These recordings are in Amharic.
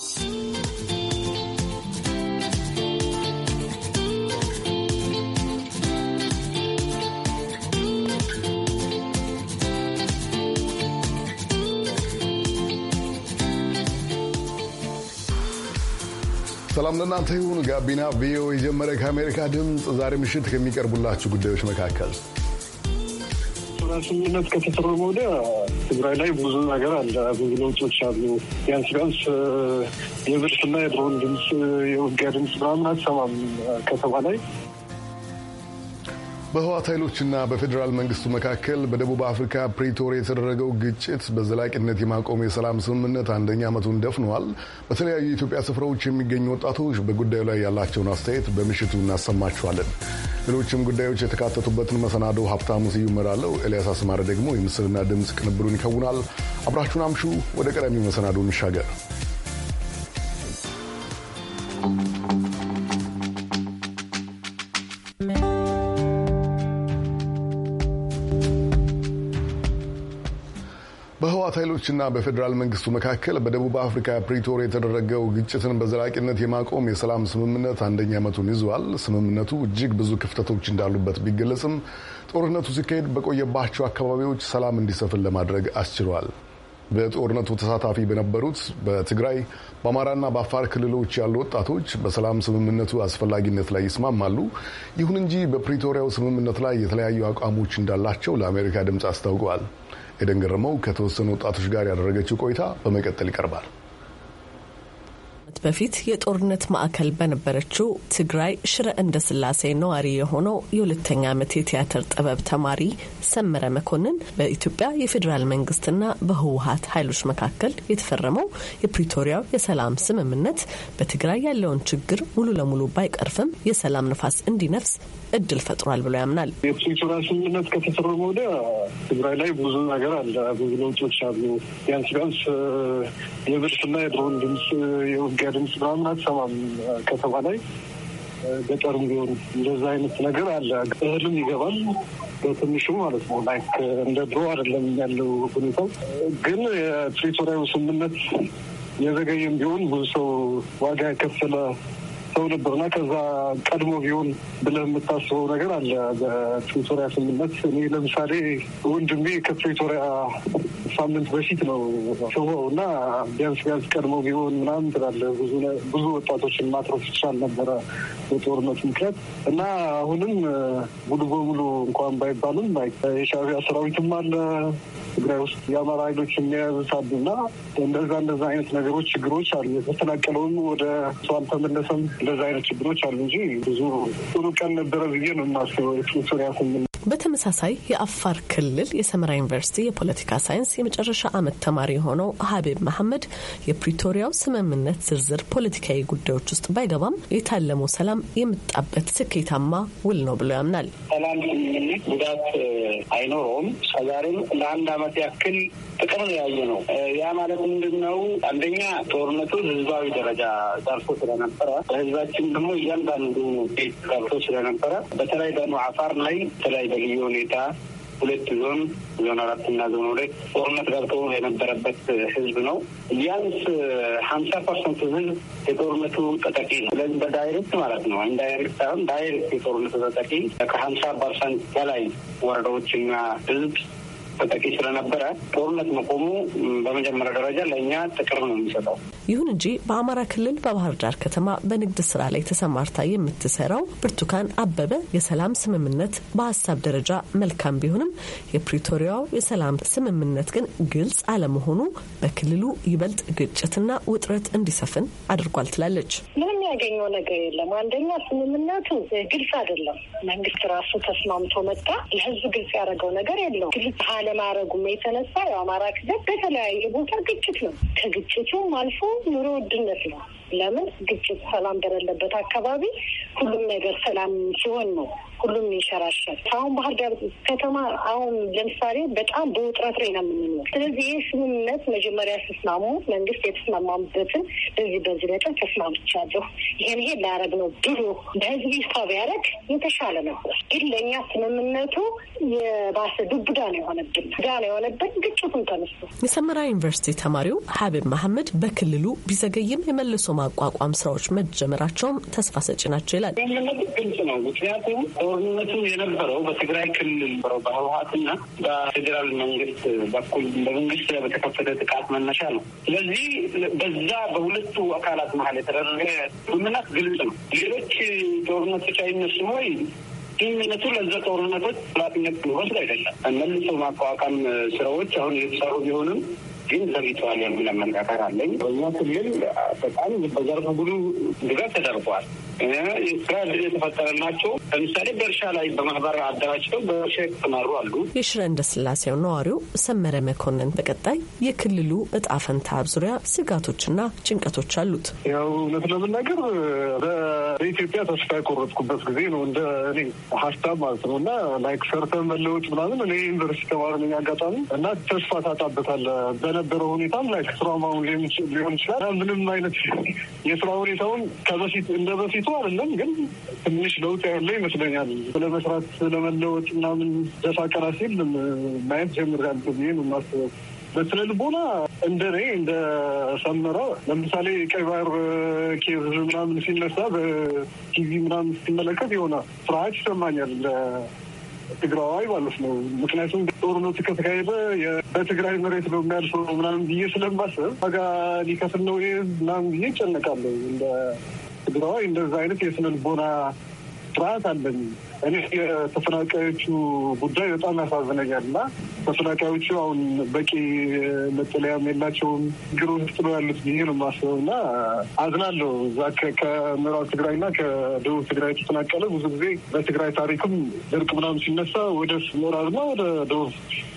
ሰላም ለእናንተ ይሁን። ጋቢና ቪኦኤ የጀመረ ከአሜሪካ ድምፅ ዛሬ ምሽት ከሚቀርቡላችሁ ጉዳዮች መካከል ጽንፈኝነት ከተሰረመ ወዲያ ትግራይ ላይ ብዙ ነገር አለ። ብዙ ለውጦች አሉ። ቢያንስ ቢያንስ የብልሽና የድሮን ድምፅ፣ የውጊያ ድምፅ ምናምን አትሰማም ከተማ ላይ በህዋት ኃይሎችና በፌዴራል መንግስቱ መካከል በደቡብ አፍሪካ ፕሪቶሪያ የተደረገው ግጭት በዘላቂነት የማቆም የሰላም ስምምነት አንደኛ ዓመቱን ደፍኗል። በተለያዩ የኢትዮጵያ ስፍራዎች የሚገኙ ወጣቶች በጉዳዩ ላይ ያላቸውን አስተያየት በምሽቱ እናሰማችኋለን። ሌሎችም ጉዳዮች የተካተቱበትን መሰናዶ ሀብታሙ ስዩም እመራለሁ። ኤልያስ አስማረ ደግሞ የምስልና ድምፅ ቅንብሩን ይከውናል። አብራችሁን አምሹ። ወደ ቀዳሚው መሰናዶ እንሻገር። በክልሎችና በፌዴራል መንግስቱ መካከል በደቡብ አፍሪካ ፕሪቶር የተደረገው ግጭትን በዘላቂነት የማቆም የሰላም ስምምነት አንደኛ ዓመቱን ይዟል። ስምምነቱ እጅግ ብዙ ክፍተቶች እንዳሉበት ቢገለጽም ጦርነቱ ሲካሄድ በቆየባቸው አካባቢዎች ሰላም እንዲሰፍን ለማድረግ አስችሏል። በጦርነቱ ተሳታፊ በነበሩት በትግራይ በአማራና በአፋር ክልሎች ያሉ ወጣቶች በሰላም ስምምነቱ አስፈላጊነት ላይ ይስማማሉ። ይሁን እንጂ በፕሪቶሪያው ስምምነት ላይ የተለያዩ አቋሞች እንዳላቸው ለአሜሪካ ድምፅ አስታውቀዋል። የደንገረመው ከተወሰኑ ወጣቶች ጋር ያደረገችው ቆይታ በመቀጠል ይቀርባል። በፊት የጦርነት ማዕከል በነበረችው ትግራይ ሽረ እንደ ስላሴ ነዋሪ የሆነው የሁለተኛ ዓመት የቲያትር ጥበብ ተማሪ ሰመረ መኮንን በኢትዮጵያ የፌዴራል መንግስትና በህወሀት ኃይሎች መካከል የተፈረመው የፕሪቶሪያው የሰላም ስምምነት በትግራይ ያለውን ችግር ሙሉ ለሙሉ ባይቀርፍም የሰላም ነፋስ እንዲነፍስ እድል ፈጥሯል ብሎ ያምናል። የፕሪቶሪያ ስምምነት ከተፈረመ ወደ ትግራይ ላይ ብዙ ነገር አለ፣ ብዙ ለውጦች አሉ። ቢያንስ ቢያንስ የብርስና የድሮን ድምፅ የውጊያ ድምፅ ምናምን አትሰማም ከተማ ላይ ገጠርም ቢሆን እንደዛ አይነት ነገር አለ። እህልም ይገባል በትንሹ ማለት ነው። ላይክ እንደ ድሮ አይደለም ያለው ሁኔታው። ግን የፕሪቶሪያው ስምምነት የዘገየም ቢሆን ብዙ ሰው ዋጋ የከፈለ ሰው ነበርና ከዛ ቀድሞ ቢሆን ብለህ የምታስበው ነገር አለ። በፕሪቶሪያ ስምምነት እኔ ለምሳሌ ወንድሜ ከፕሪቶሪያ ሳምንት በፊት ነው ሰውው እና ቢያንስ ቢያንስ ቀድሞ ቢሆን ምናምን ትላለህ። ብዙ ወጣቶችን ማትረፍ ይቻል ነበረ በጦርነት ምክንያት እና አሁንም ሙሉ በሙሉ እንኳን ባይባሉም የሻቢያ ሰራዊትም አለ ትግራይ ውስጥ የአማራ ኃይሎች የሚያዝሳሉ እና እንደዛ እንደዛ አይነት ነገሮች ችግሮች አሉ። የተፈናቀለውም ወደ ሰው አልተመለሰም። እንደዚ አይነት ችግሮች አሉ እንጂ ብዙ ጥሩ ቀን ነበረ ብዬ ነው የማስበው ሱሪያ ስምን በተመሳሳይ የአፋር ክልል የሰመራ ዩኒቨርሲቲ የፖለቲካ ሳይንስ የመጨረሻ ዓመት ተማሪ የሆነው ሀቢብ መሐመድ የፕሪቶሪያው ስምምነት ዝርዝር ፖለቲካዊ ጉዳዮች ውስጥ ባይገባም የታለመው ሰላም የመጣበት ስኬታማ ውል ነው ብሎ ያምናል። ሰላም ስምምነት ጉዳት አይኖረውም። ከዛሬም ለአንድ ዓመት ያክል ጥቅም ነው ያየ ነው። ያ ማለት ምንድን ነው? አንደኛ ጦርነቱ ህዝባዊ ደረጃ ዳርሶ ስለነበረ በህዝባችን ደግሞ እያንዳንዱ ዳርሶ ስለነበረ በተለይ ደግሞ አፋር ላይ ተለይ በልዩ ሁኔታ ሁለት ዞን ዞን አራት እና ዞን ሁለት ጦርነት ገብቶ የነበረበት ህዝብ ነው። ቢያንስ ሀምሳ ፐርሰንቱ ህዝብ የጦርነቱ ተጠቂ ነው። ስለዚህ በዳይሬክት ማለት ነው ኢንዳይሬክት ሳይሆን ዳይሬክት የጦርነቱ ተጠቂ ከሀምሳ ፐርሰንት በላይ ወረዳዎችና ህዝብ ተጠቂ ስለነበረ ጦርነት መቆሙ በመጀመሪያ ደረጃ ለእኛ ጥቅር ነው የሚሰጠው። ይሁን እንጂ በአማራ ክልል በባህር ዳር ከተማ በንግድ ስራ ላይ ተሰማርታ የምትሰራው ብርቱካን አበበ የሰላም ስምምነት በሀሳብ ደረጃ መልካም ቢሆንም የፕሪቶሪያው የሰላም ስምምነት ግን ግልጽ አለመሆኑ በክልሉ ይበልጥ ግጭትና ውጥረት እንዲሰፍን አድርጓል ትላለች። ምንም ያገኘው ነገር የለም። አንደኛ ስምምነቱ ግልጽ አይደለም። መንግስት ራሱ ተስማምቶ መጣ። ለህዝብ ግልጽ ያደረገው ነገር የለው። ግልጽ ባለማድረጉም የተነሳ የአማራ ክልል በተለያየ ቦታ ግጭት ነው። ከግጭቱም አልፎ ኑሮ ውድነት ነው። ለምን ግጭት ሰላም በሌለበት አካባቢ ሁሉም ነገር ሰላም ሲሆን ነው ሁሉም ይንሸራሸር። አሁን ባህር ዳር ከተማ አሁን ለምሳሌ በጣም በውጥረት ላይ ነው የምንኖር። ስለዚህ ይህ ስምምነት መጀመሪያ ስስማሙ መንግስት የተስማማበትን በዚህ በዚህ ነጥብ ተስማምቻለሁ ይሄን ይሄ ላያረግ ነው ብሎ በህዝብ ይፋ ቢያደርግ የተሻለ ነበር። ግን ለእኛ ስምምነቱ የባሰ ዱብዳ ነው የሆነብን ዳ ነው የሆነብን ግጭቱን ተነሱ የሰመራ ዩኒቨርሲቲ ተማሪው ሀቢብ መሐመድ በክልሉ ቢዘገይም የመልሶ የማቋቋም ስራዎች መጀመራቸውም ተስፋ ሰጪ ናቸው ይላል። ግልጽ ነው። ምክንያቱም ጦርነቱ የነበረው በትግራይ ክልል ነበረው በህወሀትና በፌዴራል መንግስት በኩል በመንግስት በተከፈተ ጥቃት መነሻ ነው። ስለዚህ በዛ በሁለቱ አካላት መሀል የተደረገ ስምምነት ግልጽ ነው። ሌሎች ጦርነቶች አይነሱም ወይ? ስምምነቱ ለዛ ጦርነቶች ኃላፊነት ሊወስድ አይደለም። መልሶ ማቋቋም ስራዎች አሁን የተሰሩ ቢሆንም ግን ዘግይተዋል የሚል አመለካከት አለኝ። በእኛ ክልል በጣም በዘርፉ ብዙ ድጋፍ ተደርጓል። ስራ እድል የተፈጠረላቸው ለምሳሌ በእርሻ ላይ በማህበር አደራጅተው በእርሻ የተሰማሩ አሉ። የሽረ ስላሴው ነዋሪው ሰመረ መኮንን በቀጣይ የክልሉ እጣ ፈንታ ዙሪያ ስጋቶችና ጭንቀቶች አሉት። ያው እውነት ለመናገር በኢትዮጵያ ተስፋ የቆረጥኩበት ጊዜ ነው እንደ እኔ ሀሳብ ማለት ነው እና ላይክ ሰርተ መለወጥ ምናምን እኔ ዩኒቨርሲቲ ተማሪ ነኝ አጋጣሚ እና ተስፋ ታጣበታለህ የነበረው ሁኔታ ላይ ትራውማውን ሊሆን ይችላል። ምንም አይነት የስራ ሁኔታውን ከበፊት እንደ በፊቱ አይደለም፣ ግን ትንሽ ለውጥ ያለ ይመስለኛል። ለመስራት ለመለወጥ ምናምን ደፋ ሲል ማየት ጀምር ብዬ ነው የማስበው። በስነ ልቦና እንደ እኔ እንደ ሰመረ ለምሳሌ ቀይ ባህር ኬዝ ምናምን ሲነሳ በቲቪ ምናምን ሲመለከት የሆነ ፍርሃት ይሰማኛል ትግራዋይ ማለት ነው። ምክንያቱም ጦርነቱ ከተካሄደ በትግራይ መሬት ነው የሚያልፈው ምናምን ብዬ ስለማስብ ዋጋ ሊከፍል ነው ምናምን ብዬ ይጨነቃለሁ። እንደ ትግራዋይ እንደዛ አይነት የስነ ልቦና ስርዓት አለኝ። እኔ የተፈናቃዮቹ ጉዳይ በጣም ያሳዝነኛል እና ተፈናቃዮቹ አሁን በቂ መጠለያም የላቸውም። ችግር ውስጥ ነው ያሉት ብዬ ነው የማስበው እና አዝናለሁ። እዛ ከምዕራብ ትግራይ እና ከደቡብ ትግራይ የተፈናቀለ ብዙ ጊዜ በትግራይ ታሪክም ድርቅ ምናምን ሲነሳ ወደ ምዕራብ እና ወደ ደቡብ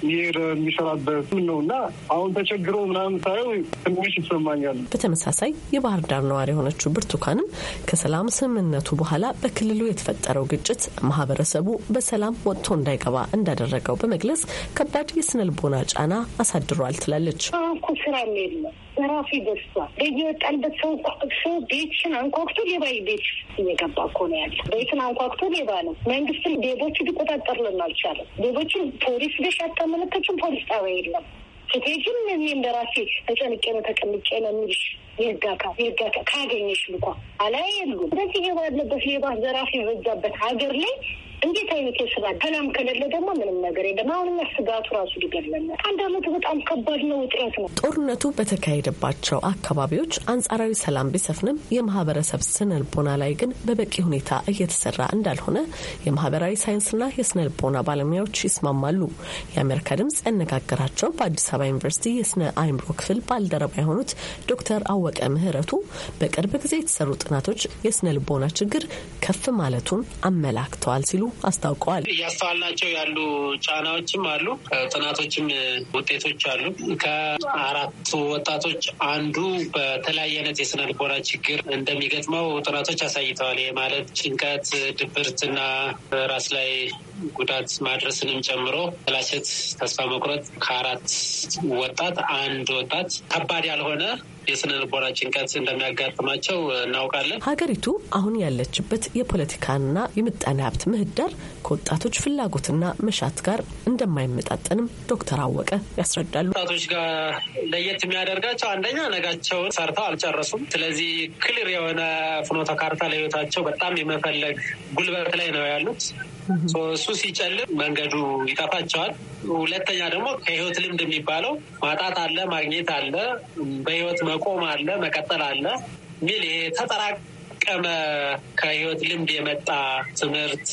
እየሄደ የሚሰራበት ምን ነው እና አሁን ተቸግሮ ምናምን ሳየው ትንሽ ይሰማኛል። በተመሳሳይ የባህር ዳር ነዋሪ የሆነችው ብርቱካንም ከሰላም ስምምነቱ በኋላ በክልሉ የተፈጠረው ግጭት ማህበረሰቡ በሰላም ወጥቶ እንዳይገባ እንዳደረገው በመግለጽ ከባድ የስነ ልቦና ጫና አሳድሯል ትላለች። እኮ ስራም የለም በራሱ ይደርሷል። በየወጣንበት ሰው ሰው ቤትሽን አንኳኩቶ ሌባ ቤት እየገባ እኮ ነው ያለ። ቤትን አንኳኩቶ ሌባ ነው። መንግስትን ሌቦቹ ሊቆጣጠርልን አልቻለም። ሌቦችን ፖሊስ ደሽ አታመለከችም። ፖሊስ ጣቢያ የለም። ስትሄጂም እኔ እንደራሴ ተጨንቄ ነው ተቀምጬ ነው የሚልሽ የህጋካ የህጋካ ካገኘሽ እንኳ አላይ የሉ። ስለዚህ ባለበት ሌባ ዘራፊ የበዛበት ሀገር ላይ እንዴት አይነት የስጋ ሰላም ከሌለ ደግሞ ምንም ነገር የለም። አሁንኛ ስጋቱ ራሱ ሊገለነ አንድ አመት በጣም ከባድ ነው፣ ውጥረት ነው። ጦርነቱ በተካሄደባቸው አካባቢዎች አንጻራዊ ሰላም ቢሰፍንም የማህበረሰብ ስነ ልቦና ላይ ግን በበቂ ሁኔታ እየተሰራ እንዳልሆነ የማህበራዊ ሳይንስና የስነ ልቦና ባለሙያዎች ይስማማሉ። የአሜሪካ ድምጽ ያነጋገራቸው በአዲስ አበባ ዩኒቨርሲቲ የስነ አይምሮ ክፍል ባልደረባ የሆኑት ዶክተር አወቀ ምህረቱ በቅርብ ጊዜ የተሰሩ ጥናቶች የስነ ልቦና ችግር ከፍ ማለቱን አመላክተዋል ሲሉ አስታውቀዋል። እያስተዋልናቸው ያሉ ጫናዎችም አሉ። ጥናቶችም ውጤቶች አሉ። ከአራቱ ወጣቶች አንዱ በተለያየ አይነት የስነ ልቦና ችግር እንደሚገጥመው ጥናቶች አሳይተዋል። ይህ ማለት ጭንቀት፣ ድብርትና ራስ ላይ ጉዳት ማድረስንም ጨምሮ ጥላሸት፣ ተስፋ መቁረጥ ከአራት ወጣት አንድ ወጣት ከባድ ያልሆነ የስነ ልቦና ጭንቀት እንደሚያጋጥማቸው እናውቃለን። ሀገሪቱ አሁን ያለችበት የፖለቲካና የምጣኔ ሀብት ምህዳር ከወጣቶች ፍላጎትና መሻት ጋር እንደማይመጣጠንም ዶክተር አወቀ ያስረዳሉ። ወጣቶች ጋር ለየት የሚያደርጋቸው አንደኛ ነጋቸውን ሰርተው አልጨረሱም። ስለዚህ ክሊር የሆነ ፍኖተ ካርታ ለህይወታቸው በጣም የመፈለግ ጉልበት ላይ ነው ያሉት። እሱ ሲጨልም መንገዱ ይጠፋቸዋል። ሁለተኛ ደግሞ ከህይወት ልምድ የሚባለው ማጣት አለ፣ ማግኘት አለ፣ በህይወት መቆም አለ፣ መቀጠል አለ ሚል ይሄ ተጠራቅ የተጠቀመ ከህይወት ልምድ የመጣ ትምህርት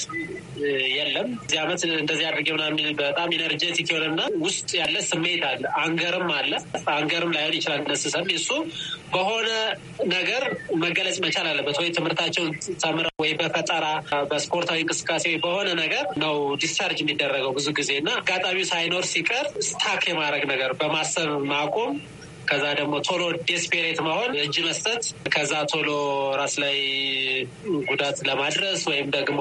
የለም። እዚህ ዓመት እንደዚህ አድርጌ ምናምን በጣም ኢነርጀቲክ የሆነና ውስጥ ያለ ስሜት አለ። አንገርም አለ። አንገርም ላይሆን ይችላል ነስሰም እሱ በሆነ ነገር መገለጽ መቻል አለበት ወይ ትምህርታቸውን ተምረው ወይ በፈጠራ በስፖርታዊ እንቅስቃሴ በሆነ ነገር ነው ዲስቻርጅ የሚደረገው ብዙ ጊዜ እና አጋጣሚው ሳይኖር ሲቀር ስታክ የማድረግ ነገር በማሰብ ማቆም ከዛ ደግሞ ቶሎ ዴስፔሬት መሆን፣ እጅ መስጠት፣ ከዛ ቶሎ ራስ ላይ ጉዳት ለማድረስ ወይም ደግሞ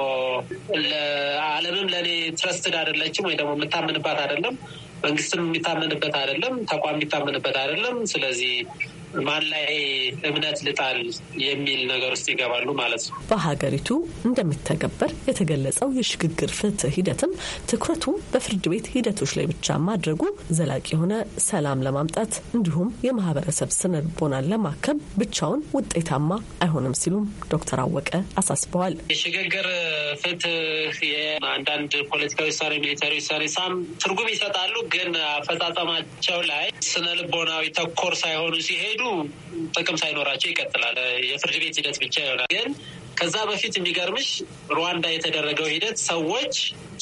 አለምም ለእኔ ትረስትድ አይደለችም ወይ ደግሞ የምታምንባት አይደለም፣ መንግስትም የሚታመንበት አይደለም፣ ተቋም የሚታመንበት አይደለም። ስለዚህ ማን ላይ እምነት ልጣል የሚል ነገር ውስጥ ይገባሉ ማለት ነው። በሀገሪቱ እንደሚተገበር የተገለጸው የሽግግር ፍትህ ሂደትም ትኩረቱ በፍርድ ቤት ሂደቶች ላይ ብቻ ማድረጉ ዘላቂ የሆነ ሰላም ለማምጣት እንዲሁም የማህበረሰብ ስነ ልቦናን ለማከም ብቻውን ውጤታማ አይሆንም ሲሉም ዶክተር አወቀ አሳስበዋል። የሽግግር ፍትህ የአንዳንድ ፖለቲካዊ ውሳኔ፣ ሚሊታሪ ውሳኔ ሳም ትርጉም ይሰጣሉ፣ ግን አፈጻጸማቸው ላይ ስነ ልቦናዊ ተኮር ሳይሆኑ ሲሄዱ ጥቅም ሳይኖራቸው ይቀጥላል። የፍርድ ቤት ሂደት ብቻ ይሆናል። ግን ከዛ በፊት የሚገርምሽ ሩዋንዳ የተደረገው ሂደት ሰዎች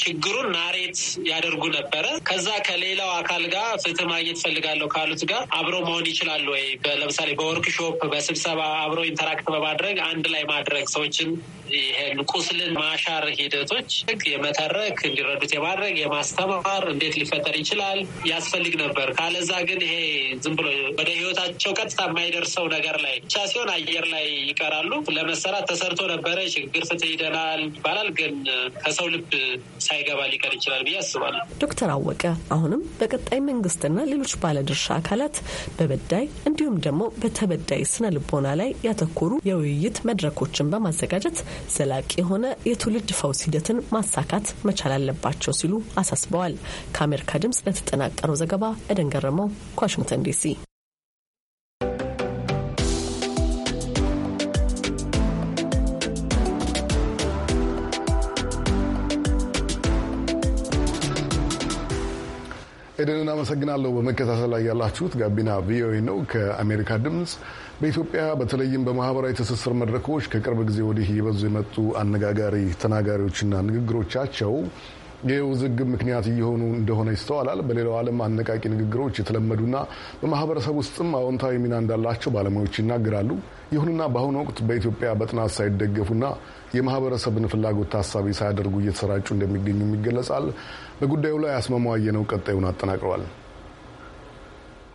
ችግሩን ናሬት ያደርጉ ነበረ። ከዛ ከሌላው አካል ጋር ፍትህ ማግኘት ፈልጋለሁ ካሉት ጋር አብሮ መሆን ይችላሉ ወይ? ለምሳሌ በወርክሾፕ በስብሰባ አብሮ ኢንተራክት በማድረግ አንድ ላይ ማድረግ ሰዎችን ይሄን ቁስልን ማሻር ሂደቶች የመተረክ እንዲረዱት የማድረግ የማስተማር እንዴት ሊፈጠር ይችላል ያስፈልግ ነበር። ካለዛ ግን ይሄ ዝም ብሎ ወደ ህይወታቸው ቀጥታ የማይደርሰው ነገር ላይ ብቻ ሲሆን አየር ላይ ይቀራሉ። ለመሰራት ተሰርቶ ነበረ። ችግር ፍትህ ይደናል ይባላል፣ ግን ከሰው ልብ ሳይገባ ሊቀር ይችላል ብዬ አስባለሁ። ዶክተር አወቀ አሁንም በቀጣይ መንግስትና ሌሎች ባለድርሻ አካላት በበዳይ እንዲሁም ደግሞ በተበዳይ ስነ ልቦና ላይ ያተኮሩ የውይይት መድረኮችን በማዘጋጀት ዘላቂ የሆነ የትውልድ ፈውስ ሂደትን ማሳካት መቻል አለባቸው ሲሉ አሳስበዋል። ከአሜሪካ ድምጽ ለተጠናቀረው ዘገባ ኤደን ገረመው ከዋሽንግተን ዲሲ ኤደን እናመሰግናለሁ። በመከታተል ላይ ያላችሁት ጋቢና ቪኦኤ ነው ከአሜሪካ ድምፅ። በኢትዮጵያ በተለይም በማህበራዊ ትስስር መድረኮች ከቅርብ ጊዜ ወዲህ እየበዙ የመጡ አነጋጋሪ ተናጋሪዎችና ንግግሮቻቸው የውዝግብ ምክንያት እየሆኑ እንደሆነ ይስተዋላል። በሌላው ዓለም አነቃቂ ንግግሮች የተለመዱና በማህበረሰብ ውስጥም አዎንታዊ ሚና እንዳላቸው ባለሙያዎች ይናገራሉ። ይሁንና በአሁኑ ወቅት በኢትዮጵያ በጥናት ሳይደገፉና የማህበረሰብን ፍላጎት ታሳቢ ሳያደርጉ እየተሰራጩ እንደሚገኙም ይገለጻል። በጉዳዩ ላይ አስማማው ነው ቀጣዩን አጠናቅረዋል።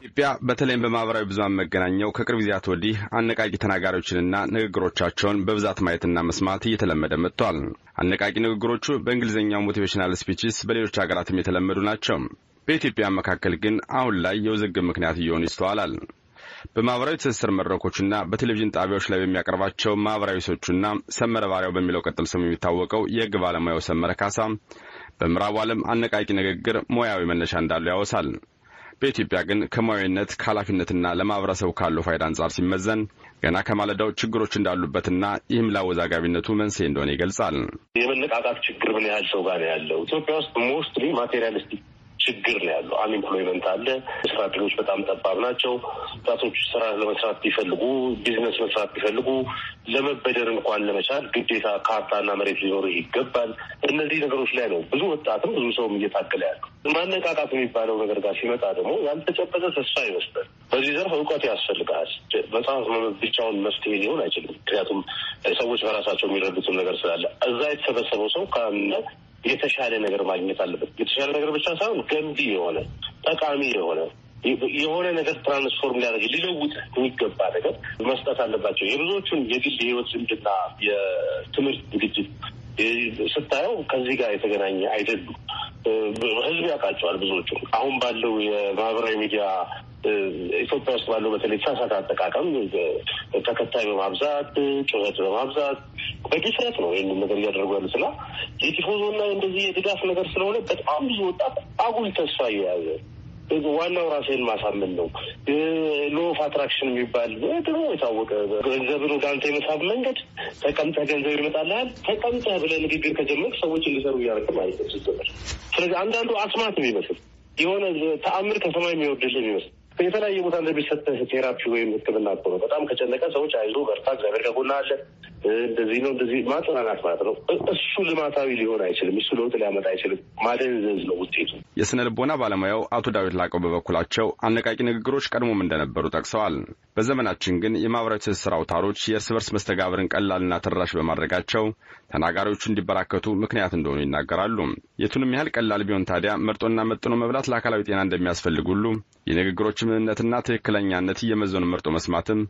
ኢትዮጵያ በተለይም በማህበራዊ ብዙሃን መገናኛው ከቅርብ ጊዜያት ወዲህ አነቃቂ ተናጋሪዎችንና ንግግሮቻቸውን በብዛት ማየትና መስማት እየተለመደ መጥቷል። አነቃቂ ንግግሮቹ በእንግሊዝኛው ሞቲቬሽናል ስፒችስ በሌሎች ሀገራትም የተለመዱ ናቸው። በኢትዮጵያ መካከል ግን አሁን ላይ የውዝግብ ምክንያት እየሆኑ ይስተዋላል። በማህበራዊ ትስስር መድረኮችና በቴሌቪዥን ጣቢያዎች ላይ በሚያቀርባቸው ማህበራዊ ሶቹና ሰመረ ባሪያው በሚለው ቅጥል ስሙ የሚታወቀው የህግ ባለሙያው ሰመረ ካሳ በምዕራቡ ዓለም አነቃቂ ንግግር ሙያዊ መነሻ እንዳለው ያወሳል። በኢትዮጵያ ግን ከሙያዊነት ከኃላፊነትና ለማህበረሰቡ ካለው ፋይዳ አንጻር ሲመዘን ገና ከማለዳው ችግሮች እንዳሉበትና ይህም ለአወዛጋቢነቱ መንስኤ እንደሆነ ይገልጻል። የመነቃቃት ችግር ምን ያህል ሰው ጋር ያለው ኢትዮጵያ ውስጥ ሞስትሊ ማቴሪያሊስቲክ ችግር ነው ያለው። አንኤምፕሎይመንት አለ። ስራ እድሎች በጣም ጠባብ ናቸው። ወጣቶች ስራ ለመስራት ቢፈልጉ፣ ቢዝነስ መስራት ቢፈልጉ ለመበደር እንኳን ለመቻል ግዴታ ካርታና መሬት ሊኖር ይገባል። እነዚህ ነገሮች ላይ ነው ብዙ ወጣትም ብዙ ሰውም እየታገለ ያለው። ማነቃቃት የሚባለው ነገር ጋር ሲመጣ ደግሞ ያልተጨበጠ ተስፋ ይመስላል። በዚህ ዘርፍ እውቀት ያስፈልጋል። መጽሐፍ ብቻውን መፍትሄ ሊሆን አይችልም። ምክንያቱም ሰዎች በራሳቸው የሚረዱትን ነገር ስላለ እዛ የተሰበሰበው ሰው ከነ የተሻለ ነገር ማግኘት አለበት። የተሻለ ነገር ብቻ ሳይሆን ገንቢ የሆነ ጠቃሚ የሆነ የሆነ ነገር ትራንስፎርም ሊያደርግ ሊለውጥ የሚገባ ነገር መስጠት አለባቸው። የብዙዎቹን የግል ህይወት ልምድና የትምህርት ዝግጅት ስታየው ከዚህ ጋር የተገናኘ አይደሉም። ህዝብ ያውቃቸዋል ብዙዎቹ አሁን ባለው የማህበራዊ ሚዲያ ኢትዮጵያ ውስጥ ባለው በተለይ ተሳሳተ አጠቃቀም ተከታይ በማብዛት ጩኸት በማብዛት በድፍረት ነው ይህንን ነገር እያደረጉ ያሉ ስላ የቲፎዞ የቲፎዞና እንደዚህ የድጋፍ ነገር ስለሆነ በጣም ብዙ ወጣት አጉል ተስፋ እየያዘ ዋናው ራሴን ማሳመን ነው። ሎ ኦፍ አትራክሽን የሚባል ድሮ የታወቀ ገንዘብ ነው። ዳንተ የመሳብ መንገድ ተቀምጠህ ገንዘብ ይመጣልል። ተቀምጠህ ብለህ ንግግር ከጀመርክ ሰዎች እንዲሰሩ እያደረግህ ማለት ነው። ስለዚህ አንዳንዱ አስማት የሚመስል የሆነ ተአምር ከሰማይ የሚወርድልህ የሚመስል የተለያየ ቦታ እንደሚሰጥ ቴራፒ ወይም ሕክምና እኮ ነው። በጣም ከጨነቀ ሰዎች አይዞ፣ በርታ፣ እግዚአብሔር ከጎና አለ፣ እንደዚህ ነው እንደዚህ ማጽናናት ማለት ነው። እሱ ልማታዊ ሊሆን አይችልም። እሱ ለውጥ ሊያመጣ አይችልም። ማደንዘዝ ነው ውጤቱ። የስነ ልቦና ባለሙያው አቶ ዳዊት ላቀው በበኩላቸው አነቃቂ ንግግሮች ቀድሞም እንደነበሩ ጠቅሰዋል። በዘመናችን ግን የማህበራዊ ትስስር አውታሮች የእርስ በርስ መስተጋብርን ቀላልና ተደራሽ በማድረጋቸው ተናጋሪዎቹ እንዲበራከቱ ምክንያት እንደሆኑ ይናገራሉ። የቱንም ያህል ቀላል ቢሆን ታዲያ መርጦና መጥኖ መብላት ለአካላዊ ጤና እንደሚያስፈልግ ሁሉ የንግግሮች ምንነትና ትክክለኛነት እየመዘኑ መርጦ መስማትም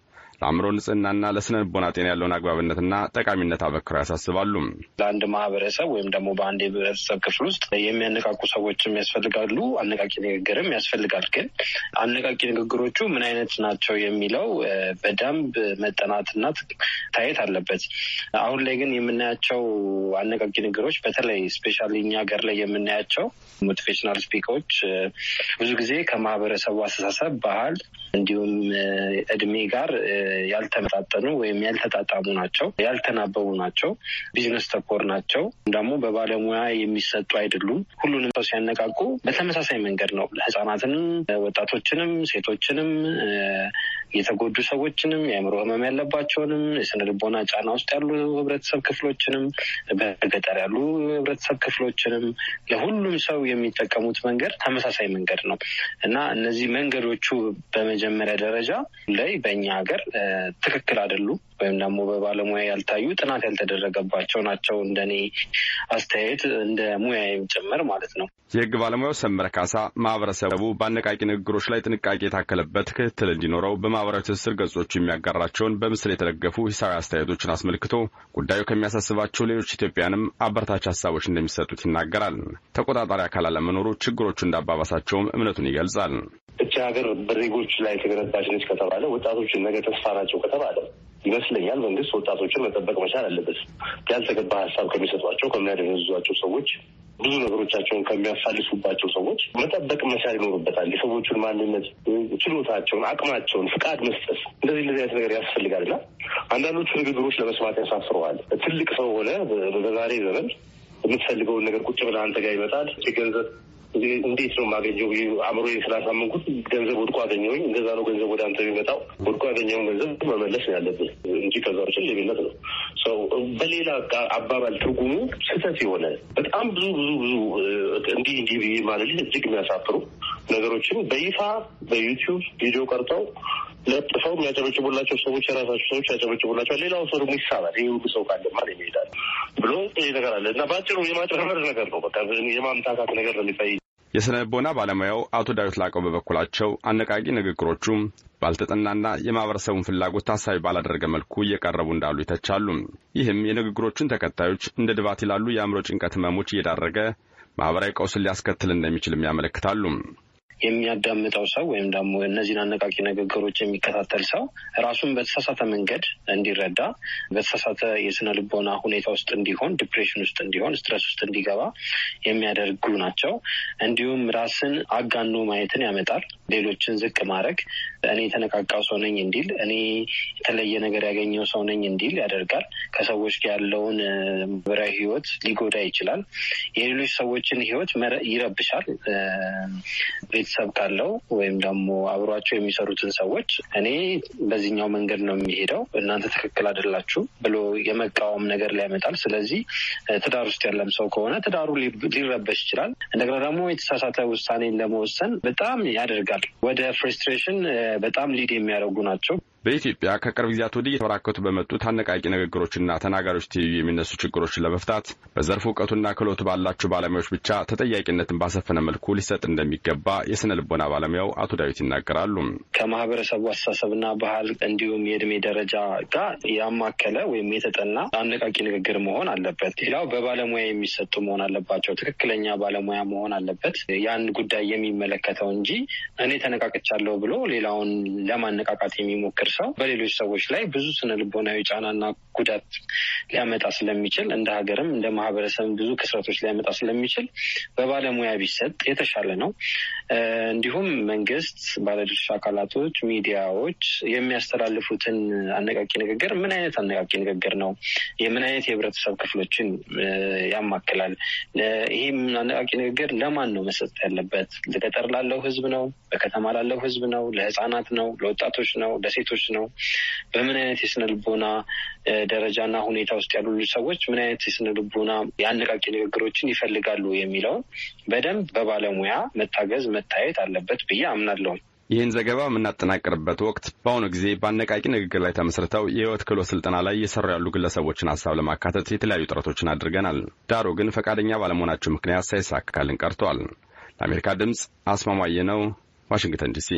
ለአእምሮ ንጽህናና ለስነ ልቦና ጤና ያለውን አግባብነትና ጠቃሚነት አበክሮ ያሳስባሉ። ለአንድ ማህበረሰብ ወይም ደግሞ በአንድ የህብረተሰብ ክፍል ውስጥ የሚያነቃቁ ሰዎችም ያስፈልጋሉ፣ አነቃቂ ንግግርም ያስፈልጋል። ግን አነቃቂ ንግግሮቹ ምን አይነት ናቸው የሚለው በደንብ መጠናትና ታየት አለበት። አሁን ላይ ግን የምናያቸው አነቃቂ ንግግሮች በተለይ ስፔሻሊ እኛ ሀገር ላይ የምናያቸው ሞቲቬሽናል ስፒከሮች ብዙ ጊዜ ከማህበረሰቡ አስተሳሰብ፣ ባህል እንዲሁም እድሜ ጋር ያልተመጣጠኑ ወይም ያልተጣጣሙ ናቸው፣ ያልተናበቡ ናቸው፣ ቢዝነስ ተኮር ናቸው፣ ደግሞ በባለሙያ የሚሰጡ አይደሉም። ሁሉንም ሰው ሲያነቃቁ በተመሳሳይ መንገድ ነው ህጻናትንም፣ ወጣቶችንም፣ ሴቶችንም የተጎዱ ሰዎችንም የአእምሮ ህመም ያለባቸውንም የስነ ልቦና ጫና ውስጥ ያሉ ህብረተሰብ ክፍሎችንም በገጠር ያሉ ህብረተሰብ ክፍሎችንም ለሁሉም ሰው የሚጠቀሙት መንገድ ተመሳሳይ መንገድ ነው እና እነዚህ መንገዶቹ በመጀመሪያ ደረጃ ላይ በእኛ ሀገር ትክክል አይደሉም ወይም ደግሞ በባለሙያ ያልታዩ ጥናት ያልተደረገባቸው ናቸው። እንደኔ አስተያየት እንደ ሙያ ጭምር ማለት ነው። የህግ ባለሙያው ሰመረ ካሳ ማህበረሰቡ በአነቃቂ ንግግሮች ላይ ጥንቃቄ የታከለበት ክትትል እንዲኖረው በማ በማኅበራዊ ትስስር ገጾች የሚያጋራቸውን በምስል የተደገፉ ሂሳዊ አስተያየቶችን አስመልክቶ ጉዳዩ ከሚያሳስባቸው ሌሎች ኢትዮጵያንም አበረታች ሀሳቦች እንደሚሰጡት ይናገራል። ተቆጣጣሪ አካል አለመኖሩ ችግሮቹ እንዳባባሳቸውም እምነቱን ይገልጻል። እቻ ሀገር በዜጎች ላይ የተገነባች ነች ከተባለ ወጣቶችን ነገ ተስፋ ናቸው ከተባለ ይመስለኛል መንግስት ወጣቶችን መጠበቅ መቻል አለበት። ያልተገባ ሀሳብ ከሚሰጧቸው ከሚያደነዝዟቸው ሰዎች ብዙ ነገሮቻቸውን ከሚያፋልሱባቸው ሰዎች መጠበቅ መቻል ይኖርበታል። የሰዎቹን ማንነት፣ ችሎታቸውን፣ አቅማቸውን ፍቃድ መስጠት እንደዚህ እንደዚህ አይነት ነገር እና አንዳንዶቹ ንግግሮች ለመስማት ያሳፍረዋል። ትልቅ ሰው ሆነ በዛሬ ዘመን የምትፈልገውን ነገር ቁጭ ብለህ አንተ ጋር ይመጣል የገንዘብ እንዴት ነው የማገኘው ብዬ አእምሮ ስላሳመንኩት ገንዘብ ወድቆ አገኘሁኝ። እንደዛ ነው ገንዘብ ወደ አንተ የሚመጣው። ወድቆ ያገኘውን ገንዘብ መመለስ ነው ያለብን እንጂ ከዛ ውጭ ሌብነት ነው። ሰው በሌላ አባባል ትርጉሙ ስህተት የሆነ በጣም ብዙ ብዙ ብዙ እንዲህ እንዲህ ብዬ ማለት እጅግ የሚያሳፍሩ ነገሮችን በይፋ በዩቲዩብ ቪዲዮ ቀርተው ለጥፈው የሚያጨበጭቡላቸው ሰዎች የራሳቸው ሰዎች ያጨበጭቡላቸዋል። ሌላው ሰው ደግሞ ይሳባል። ይህ ሁሉ ሰው ካለ ማለት ይሄዳል ብሎ ይህ ነገር አለ እና በአጭሩ የማጭበርበር ነገር ነው። በቃ የማምታታት ነገር ነው የሚታይ የሥነ ልቦና ባለሙያው አቶ ዳዊት ላቀው በበኩላቸው አነቃቂ ንግግሮቹ ባልተጠናና የማህበረሰቡን ፍላጎት ታሳቢ ባላደረገ መልኩ እየቀረቡ እንዳሉ ይተቻሉ። ይህም የንግግሮቹን ተከታዮች እንደ ድባት ይላሉ የአእምሮ ጭንቀት ህመሞች እየዳረገ ማኅበራዊ ቀውስን ሊያስከትል እንደሚችልም ያመለክታሉ። የሚያዳምጠው ሰው ወይም ደግሞ እነዚህን አነቃቂ ንግግሮች የሚከታተል ሰው ራሱን በተሳሳተ መንገድ እንዲረዳ፣ በተሳሳተ የስነ ልቦና ሁኔታ ውስጥ እንዲሆን፣ ዲፕሬሽን ውስጥ እንዲሆን፣ ስትረስ ውስጥ እንዲገባ የሚያደርጉ ናቸው። እንዲሁም ራስን አጋኖ ማየትን ያመጣል። ሌሎችን ዝቅ ማድረግ፣ እኔ የተነቃቃው ሰው ነኝ እንዲል፣ እኔ የተለየ ነገር ያገኘው ሰው ነኝ እንዲል ያደርጋል። ከሰዎች ጋር ያለውን ብራዊ ህይወት ሊጎዳ ይችላል። የሌሎች ሰዎችን ህይወት ይረብሻል። ቤተሰብ ካለው ወይም ደግሞ አብሯቸው የሚሰሩትን ሰዎች እኔ በዚህኛው መንገድ ነው የሚሄደው እናንተ ትክክል አይደላችሁ ብሎ የመቃወም ነገር ላይ ስለዚህ ትዳር ውስጥ ያለም ሰው ከሆነ ትዳሩ ሊረበሽ ይችላል። እንደገና ደግሞ የተሳሳተ ውሳኔን ለመወሰን በጣም ያደርጋል። ወደ ፍርስትሬሽን በጣም ሊድ የሚያደርጉ ናቸው። በኢትዮጵያ ከቅርብ ጊዜያት ወዲህ እየተበራከቱ በመጡት አነቃቂ ንግግሮችና ተናጋሪዎች ትይዩ የሚነሱ ችግሮችን ለመፍታት በዘርፉ እውቀቱና ክህሎቱ ባላቸው ባለሙያዎች ብቻ ተጠያቂነትን ባሰፈነ መልኩ ሊሰጥ እንደሚገባ የስነ ልቦና ባለሙያው አቶ ዳዊት ይናገራሉ። ከማህበረሰቡ አስተሳሰብና ባህል እንዲሁም የእድሜ ደረጃ ጋር ያማከለ ወይም የተጠና አነቃቂ ንግግር መሆን አለበት። ሌላው በባለሙያ የሚሰጡ መሆን አለባቸው። ትክክለኛ ባለሙያ መሆን አለበት። ያን ጉዳይ የሚመለከተው እንጂ እኔ ተነቃቅቻለሁ ብሎ ሌላውን ለማነቃቃት የሚሞክር የሚደርሰው በሌሎች ሰዎች ላይ ብዙ ስነ ልቦናዊ ጫናና ጉዳት ሊያመጣ ስለሚችል እንደ ሀገርም እንደ ማህበረሰብ ብዙ ክስረቶች ሊያመጣ ስለሚችል በባለሙያ ቢሰጥ የተሻለ ነው። እንዲሁም መንግስት፣ ባለድርሻ አካላቶች፣ ሚዲያዎች የሚያስተላልፉትን አነቃቂ ንግግር ምን አይነት አነቃቂ ንግግር ነው? የምን አይነት የህብረተሰብ ክፍሎችን ያማክላል? ይህም አነቃቂ ንግግር ለማን ነው መሰጠት ያለበት? ገጠር ላለው ህዝብ ነው? በከተማ ላለው ህዝብ ነው? ለህፃናት ነው? ለወጣቶች ነው? ለሴቶች ነው? በምን አይነት የስነ ልቦና ደረጃና ሁኔታ ውስጥ ያሉ ሰዎች ምን አይነት የስነ ልቦና የአነቃቂ ንግግሮችን ይፈልጋሉ የሚለውን በደንብ በባለሙያ መታገዝ መታየት አለበት ብዬ አምናለሁ። ይህን ዘገባ የምናጠናቅርበት ወቅት በአሁኑ ጊዜ በአነቃቂ ንግግር ላይ ተመስርተው የህይወት ክህሎት ስልጠና ላይ እየሰሩ ያሉ ግለሰቦችን ሀሳብ ለማካተት የተለያዩ ጥረቶችን አድርገናል። ዳሩ ግን ፈቃደኛ ባለመሆናቸው ምክንያት ሳይሳካልን ቀርቷል። ለአሜሪካ ድምፅ አስማማየ ነው፣ ዋሽንግተን ዲሲ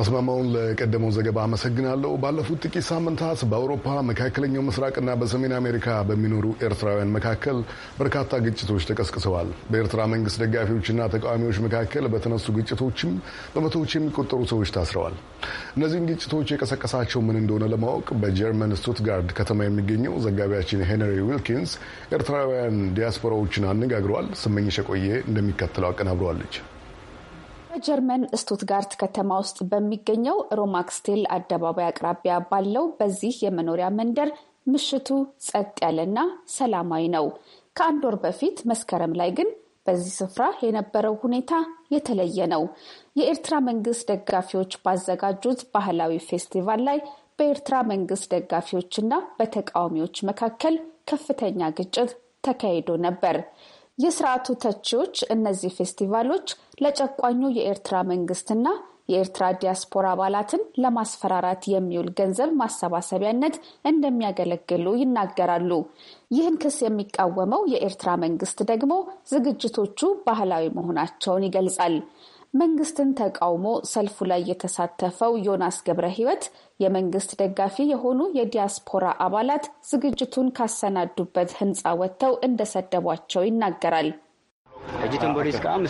አስማማውን ለቀደመው ዘገባ አመሰግናለሁ። ባለፉት ጥቂት ሳምንታት በአውሮፓ መካከለኛው ምስራቅና በሰሜን አሜሪካ በሚኖሩ ኤርትራውያን መካከል በርካታ ግጭቶች ተቀስቅሰዋል። በኤርትራ መንግስት ደጋፊዎችና ተቃዋሚዎች መካከል በተነሱ ግጭቶችም በመቶዎች የሚቆጠሩ ሰዎች ታስረዋል። እነዚህን ግጭቶች የቀሰቀሳቸው ምን እንደሆነ ለማወቅ በጀርመን ስቱትጋርድ ከተማ የሚገኘው ዘጋቢያችን ሄንሪ ዊልኪንስ ኤርትራውያን ዲያስፖራዎችን አነጋግረዋል። ስመኝሽ ቆየ እንደሚከተለው አቀናብረዋለች። በጀርመን ስቱትጋርት ከተማ ውስጥ በሚገኘው ሮማክስቴል አደባባይ አቅራቢያ ባለው በዚህ የመኖሪያ መንደር ምሽቱ ጸጥ ያለና ሰላማዊ ነው። ከአንድ ወር በፊት መስከረም ላይ ግን በዚህ ስፍራ የነበረው ሁኔታ የተለየ ነው። የኤርትራ መንግስት ደጋፊዎች ባዘጋጁት ባህላዊ ፌስቲቫል ላይ በኤርትራ መንግስት ደጋፊዎችና በተቃዋሚዎች መካከል ከፍተኛ ግጭት ተካሂዶ ነበር። የስርዓቱ ተቺዎች እነዚህ ፌስቲቫሎች ለጨቋኙ የኤርትራ መንግስትና የኤርትራ ዲያስፖራ አባላትን ለማስፈራራት የሚውል ገንዘብ ማሰባሰቢያነት እንደሚያገለግሉ ይናገራሉ። ይህን ክስ የሚቃወመው የኤርትራ መንግስት ደግሞ ዝግጅቶቹ ባህላዊ መሆናቸውን ይገልጻል። መንግስትን ተቃውሞ ሰልፉ ላይ የተሳተፈው ዮናስ ገብረ ህይወት የመንግስት ደጋፊ የሆኑ የዲያስፖራ አባላት ዝግጅቱን ካሰናዱበት ህንፃ ወጥተው እንደሰደቧቸው ይናገራል። ህዝባችን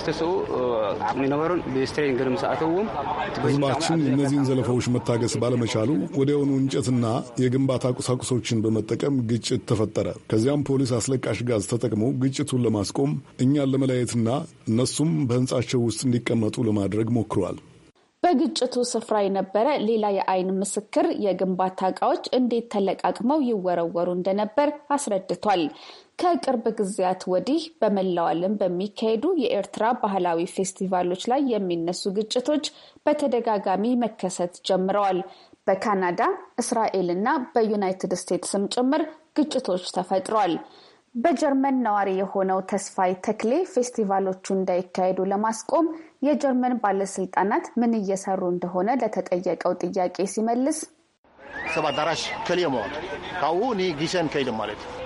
እነዚህን ዘለፋዎች መታገስ ባለመቻሉ ወዲያውኑ እንጨትና የግንባታ ቁሳቁሶችን በመጠቀም ግጭት ተፈጠረ። ከዚያም ፖሊስ አስለቃሽ ጋዝ ተጠቅሞ ግጭቱን ለማስቆም እኛን ለመለየትና እነሱም በህንጻቸው ውስጥ እንዲቀመጡ ለማድረግ ሞክሯል። በግጭቱ ስፍራ የነበረ ሌላ የአይን ምስክር የግንባታ እቃዎች እንዴት ተለቃቅመው ይወረወሩ እንደነበር አስረድቷል። ከቅርብ ጊዜያት ወዲህ በመላው ዓለም በሚካሄዱ የኤርትራ ባህላዊ ፌስቲቫሎች ላይ የሚነሱ ግጭቶች በተደጋጋሚ መከሰት ጀምረዋል። በካናዳ፣ እስራኤል እና በዩናይትድ ስቴትስም ጭምር ግጭቶች ተፈጥሯል። በጀርመን ነዋሪ የሆነው ተስፋይ ተክሌ ፌስቲቫሎቹ እንዳይካሄዱ ለማስቆም የጀርመን ባለስልጣናት ምን እየሰሩ እንደሆነ ለተጠየቀው ጥያቄ ሲመልስ ሰብ አዳራሽ ከልየ መዋል ካብኡ ጊሸን ማለት እዩ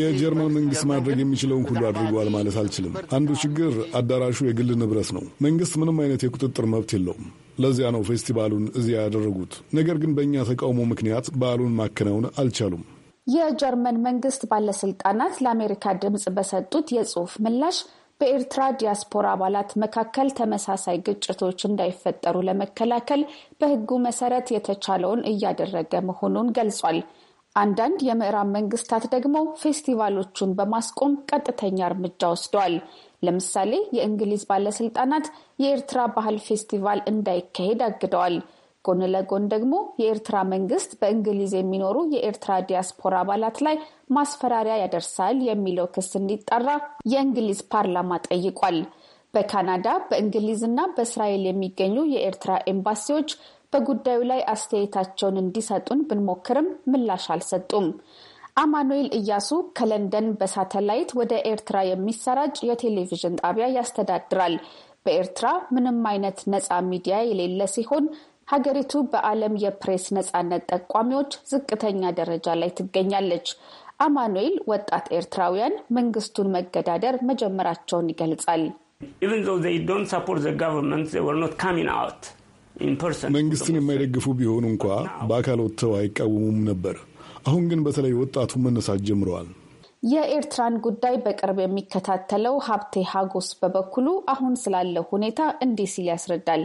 የጀርመን መንግስት ማድረግ የሚችለውን ሁሉ አድርጓል ማለት አልችልም። አንዱ ችግር አዳራሹ የግል ንብረት ነው። መንግስት ምንም አይነት የቁጥጥር መብት የለውም። ለዚያ ነው ፌስቲቫሉን እዚያ ያደረጉት። ነገር ግን በእኛ ተቃውሞ ምክንያት በዓሉን ማከናወን አልቻሉም። የጀርመን መንግስት ባለስልጣናት ለአሜሪካ ድምፅ በሰጡት የጽሁፍ ምላሽ በኤርትራ ዲያስፖራ አባላት መካከል ተመሳሳይ ግጭቶች እንዳይፈጠሩ ለመከላከል በህጉ መሰረት የተቻለውን እያደረገ መሆኑን ገልጿል። አንዳንድ የምዕራብ መንግስታት ደግሞ ፌስቲቫሎቹን በማስቆም ቀጥተኛ እርምጃ ወስደዋል። ለምሳሌ የእንግሊዝ ባለስልጣናት የኤርትራ ባህል ፌስቲቫል እንዳይካሄድ አግደዋል። ጎን ለጎን ደግሞ የኤርትራ መንግስት በእንግሊዝ የሚኖሩ የኤርትራ ዲያስፖራ አባላት ላይ ማስፈራሪያ ያደርሳል የሚለው ክስ እንዲጣራ የእንግሊዝ ፓርላማ ጠይቋል። በካናዳ በእንግሊዝና በእስራኤል የሚገኙ የኤርትራ ኤምባሲዎች በጉዳዩ ላይ አስተያየታቸውን እንዲሰጡን ብንሞክርም ምላሽ አልሰጡም። አማኑኤል እያሱ ከለንደን በሳተላይት ወደ ኤርትራ የሚሰራጭ የቴሌቪዥን ጣቢያ ያስተዳድራል። በኤርትራ ምንም አይነት ነፃ ሚዲያ የሌለ ሲሆን ሀገሪቱ በዓለም የፕሬስ ነፃነት ጠቋሚዎች ዝቅተኛ ደረጃ ላይ ትገኛለች። አማኑኤል ወጣት ኤርትራውያን መንግስቱን መገዳደር መጀመራቸውን ይገልጻል። ኢቨን ዞ ዘይ ዶንት ሰፖርት ዘ ጋቨርንመንት ዘ ወር ኖት ካሚንግ አውት መንግስትን የማይደግፉ ቢሆኑ እንኳ በአካል ወጥተው አይቃወሙም ነበር። አሁን ግን በተለይ ወጣቱ መነሳት ጀምረዋል። የኤርትራን ጉዳይ በቅርብ የሚከታተለው ሀብቴ ሀጎስ በበኩሉ አሁን ስላለው ሁኔታ እንዲህ ሲል ያስረዳል።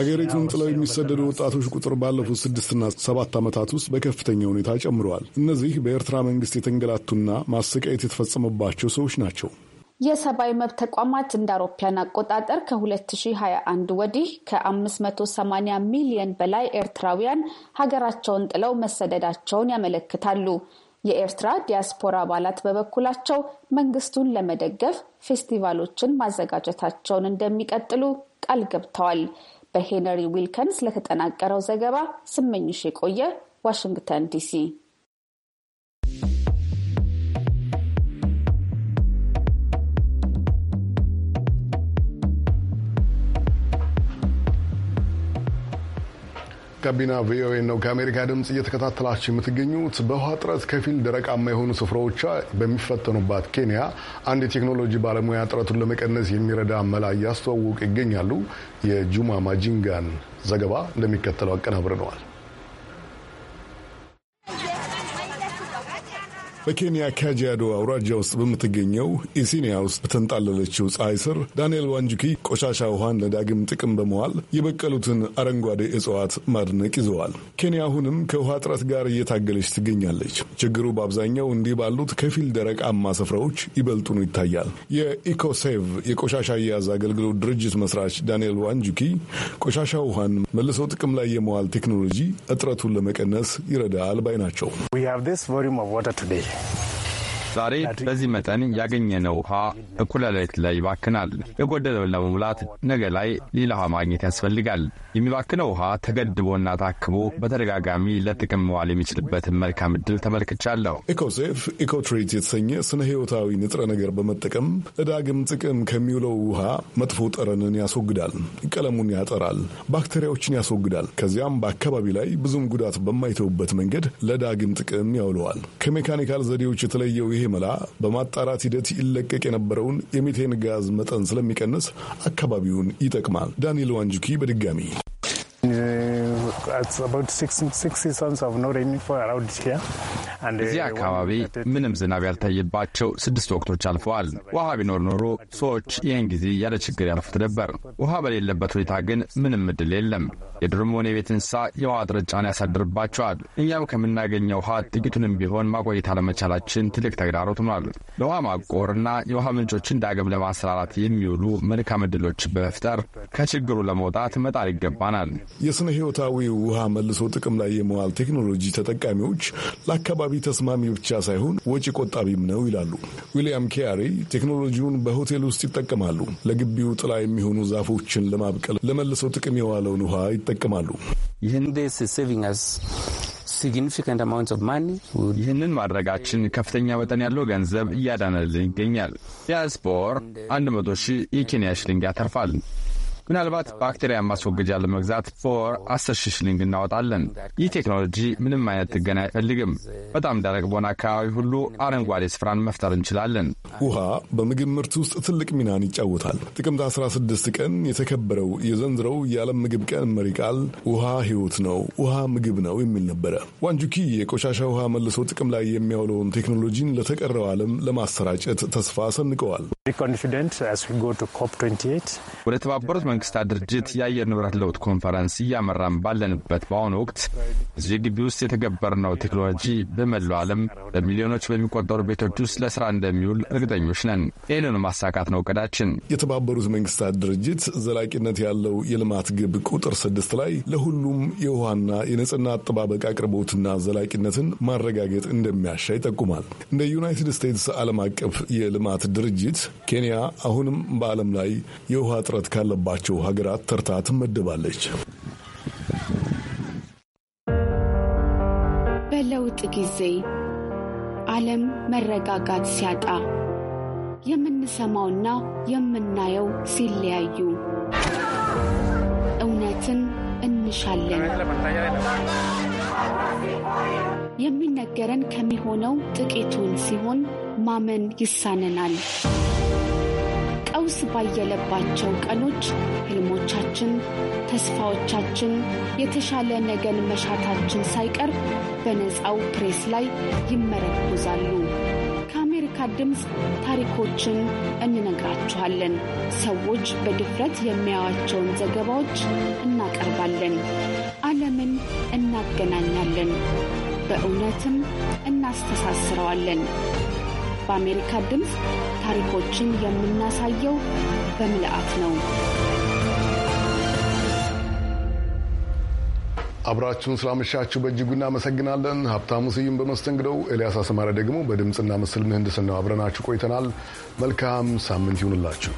ሀገሪቱን ጥለው የሚሰደዱ ወጣቶች ቁጥር ባለፉት ስድስትና ሰባት ዓመታት ውስጥ በከፍተኛ ሁኔታ ጨምረዋል። እነዚህ በኤርትራ መንግስት የተንገላቱና ማሰቃየት የተፈጸመባቸው ሰዎች ናቸው። የሰብአዊ መብት ተቋማት እንደ አውሮፓያን አቆጣጠር ከ2021 ወዲህ ከ580 ሚሊዮን በላይ ኤርትራውያን ሀገራቸውን ጥለው መሰደዳቸውን ያመለክታሉ። የኤርትራ ዲያስፖራ አባላት በበኩላቸው መንግስቱን ለመደገፍ ፌስቲቫሎችን ማዘጋጀታቸውን እንደሚቀጥሉ ቃል ገብተዋል። በሄነሪ ዊልከንስ ለተጠናቀረው ዘገባ ስመኝሽ የቆየ ዋሽንግተን ዲሲ ጋቢና ቪኦኤ ነው ከአሜሪካ ድምፅ እየተከታተላችሁ የምትገኙት። በውሃ ጥረት ከፊል ደረቃማ የሆኑ ስፍራዎቿ በሚፈተኑባት ኬንያ አንድ የቴክኖሎጂ ባለሙያ ጥረቱን ለመቀነስ የሚረዳ መላ እያስተዋወቁ ይገኛሉ። የጁማ ማጂንጋን ዘገባ እንደሚከተለው አቀናብረነዋል። በኬንያ ካጂያዶ አውራጃ ውስጥ በምትገኘው ኢሲኒያ ውስጥ በተንጣለለችው ፀሐይ ስር ዳንኤል ዋንጁኪ ቆሻሻ ውሃን ለዳግም ጥቅም በመዋል የበቀሉትን አረንጓዴ እጽዋት ማድነቅ ይዘዋል። ኬንያ አሁንም ከውሃ እጥረት ጋር እየታገለች ትገኛለች። ችግሩ በአብዛኛው እንዲህ ባሉት ከፊል ደረቃማ ስፍራዎች ይበልጡኑ ይታያል። የኢኮሴቭ የቆሻሻ አያያዝ አገልግሎት ድርጅት መስራች ዳንኤል ዋንጁኪ ቆሻሻ ውሃን መልሰው ጥቅም ላይ የመዋል ቴክኖሎጂ እጥረቱን ለመቀነስ ይረዳል ባይ ናቸው። ዛሬ በዚህ መጠን ያገኘነው ውሃ እኩለ ሌሊት ላይ ይባክናል። የጎደለውን ለመሙላት ነገ ላይ ሌላ ውሃ ማግኘት ያስፈልጋል። የሚባክነው ውሃ ተገድቦና ታክቦ በተደጋጋሚ ለጥቅም መዋል የሚችልበትን መልካም እድል ተመልክቻለሁ። ኢኮሴፍ ኢኮትሬት የተሰኘ ስነ ህይወታዊ ንጥረ ነገር በመጠቀም ለዳግም ጥቅም ከሚውለው ውሃ መጥፎ ጠረንን ያስወግዳል፣ ቀለሙን ያጠራል፣ ባክቴሪያዎችን ያስወግዳል። ከዚያም በአካባቢ ላይ ብዙም ጉዳት በማይተውበት መንገድ ለዳግም ጥቅም ያውለዋል። ከሜካኒካል ዘዴዎች የተለየው ይሄ መላ በማጣራት ሂደት ይለቀቅ የነበረውን የሜቴን ጋዝ መጠን ስለሚቀንስ አካባቢውን ይጠቅማል። ዳንኤል ዋንጁኪ በድጋሚ Yeah. Uh, እዚህ አካባቢ ምንም ዝናብ ያልታየባቸው ስድስት ወቅቶች አልፈዋል። ውሃ ቢኖር ኖሮ ሰዎች ይህን ጊዜ ያለ ችግር ያልፉት ነበር። ውሃ በሌለበት ሁኔታ ግን ምንም እድል የለም። የዱርም ሆነ የቤት እንስሳ የውሃ እጥረት ጫና ያሳድርባቸዋል። እኛም ከምናገኘው ውሃ ጥቂቱንም ቢሆን ማቆየት አለመቻላችን ትልቅ ተግዳሮት ሆኗል። ለውሃ ማቆርና የውሃ ምንጮችን ዳግም ለማሰራራት የሚውሉ መልካም እድሎች በመፍጠር ከችግሩ ለመውጣት መጣር ይገባናል። የስነ ህይወታዊ የአካባቢ ውሃ መልሶ ጥቅም ላይ የመዋል ቴክኖሎጂ ተጠቃሚዎች ለአካባቢ ተስማሚ ብቻ ሳይሆን ወጪ ቆጣቢም ነው ይላሉ። ዊሊያም ኬያሪ ቴክኖሎጂውን በሆቴል ውስጥ ይጠቀማሉ። ለግቢው ጥላ የሚሆኑ ዛፎችን ለማብቀል ለመልሶ ጥቅም የዋለውን ውሃ ይጠቀማሉ። ይህንን ማድረጋችን ከፍተኛ መጠን ያለው ገንዘብ እያዳነልን ይገኛል። ዲያስፖር 100 ሺህ የኬንያ ሽልንግ ያተርፋል። ምናልባት ባክቴሪያ ማስወገጃ ለመግዛት በወር አስር ሺህ ሽሊንግ እናወጣለን። ይህ ቴክኖሎጂ ምንም አይነት ጥገና አይፈልግም። በጣም ደረቅ በሆነ አካባቢ ሁሉ አረንጓዴ ስፍራን መፍጠር እንችላለን። ውሃ በምግብ ምርት ውስጥ ትልቅ ሚናን ይጫወታል። ጥቅምት 16 ቀን የተከበረው የዘንድሮው የዓለም ምግብ ቀን መሪ ቃል ውሃ ህይወት ነው፣ ውሃ ምግብ ነው የሚል ነበረ። ዋንጁኪ የቆሻሻ ውሃ መልሶ ጥቅም ላይ የሚያውለውን ቴክኖሎጂን ለተቀረው ዓለም ለማሰራጨት ተስፋ ሰንቀዋል። ወደ ተባበሩት መንግስታት ድርጅት የአየር ንብረት ለውጥ ኮንፈረንስ እያመራን ባለንበት በአሁኑ ወቅት እዚህ ግቢ ውስጥ የተገበርነው ቴክኖሎጂ በመላው ዓለም በሚሊዮኖች በሚቆጠሩ ቤቶች ውስጥ ለስራ እንደሚውል እርግጠኞች ነን። ይህንኑ ማሳካት ነው እቅዳችን። የተባበሩት መንግስታት ድርጅት ዘላቂነት ያለው የልማት ግብ ቁጥር ስድስት ላይ ለሁሉም የውሃና የንጽህና አጠባበቅ አቅርቦትና ዘላቂነትን ማረጋገጥ እንደሚያሻ ይጠቁማል። እንደ ዩናይትድ ስቴትስ ዓለም አቀፍ የልማት ድርጅት ኬንያ አሁንም በዓለም ላይ የውሃ እጥረት ካለባቸው ሀገራት ተርታ ትመደባለች። በለውጥ ጊዜ ዓለም መረጋጋት ሲያጣ የምንሰማውና የምናየው ሲለያዩ እውነትን እንሻለን። የሚነገረን ከሚሆነው ጥቂቱን ሲሆን ማመን ይሳነናል። ፈውስ ባየለባቸው ቀኖች ሕልሞቻችን፣ ተስፋዎቻችን፣ የተሻለ ነገን መሻታችን ሳይቀር በነፃው ፕሬስ ላይ ይመረኮዛሉ። ከአሜሪካ ድምፅ ታሪኮችን እንነግራችኋለን። ሰዎች በድፍረት የሚያዩዋቸውን ዘገባዎች እናቀርባለን። ዓለምን እናገናኛለን፣ በእውነትም እናስተሳስረዋለን። በአሜሪካ ድምፅ ታሪኮችን የምናሳየው በምልአት ነው። አብራችሁን ስላመሻችሁ በእጅጉ እናመሰግናለን። ሀብታሙ ስዩም በመስተንግደው፣ ኤልያስ አስማሪ ደግሞ በድምፅና ምስል ምህንድስና አብረናችሁ ቆይተናል። መልካም ሳምንት ይሁንላችሁ።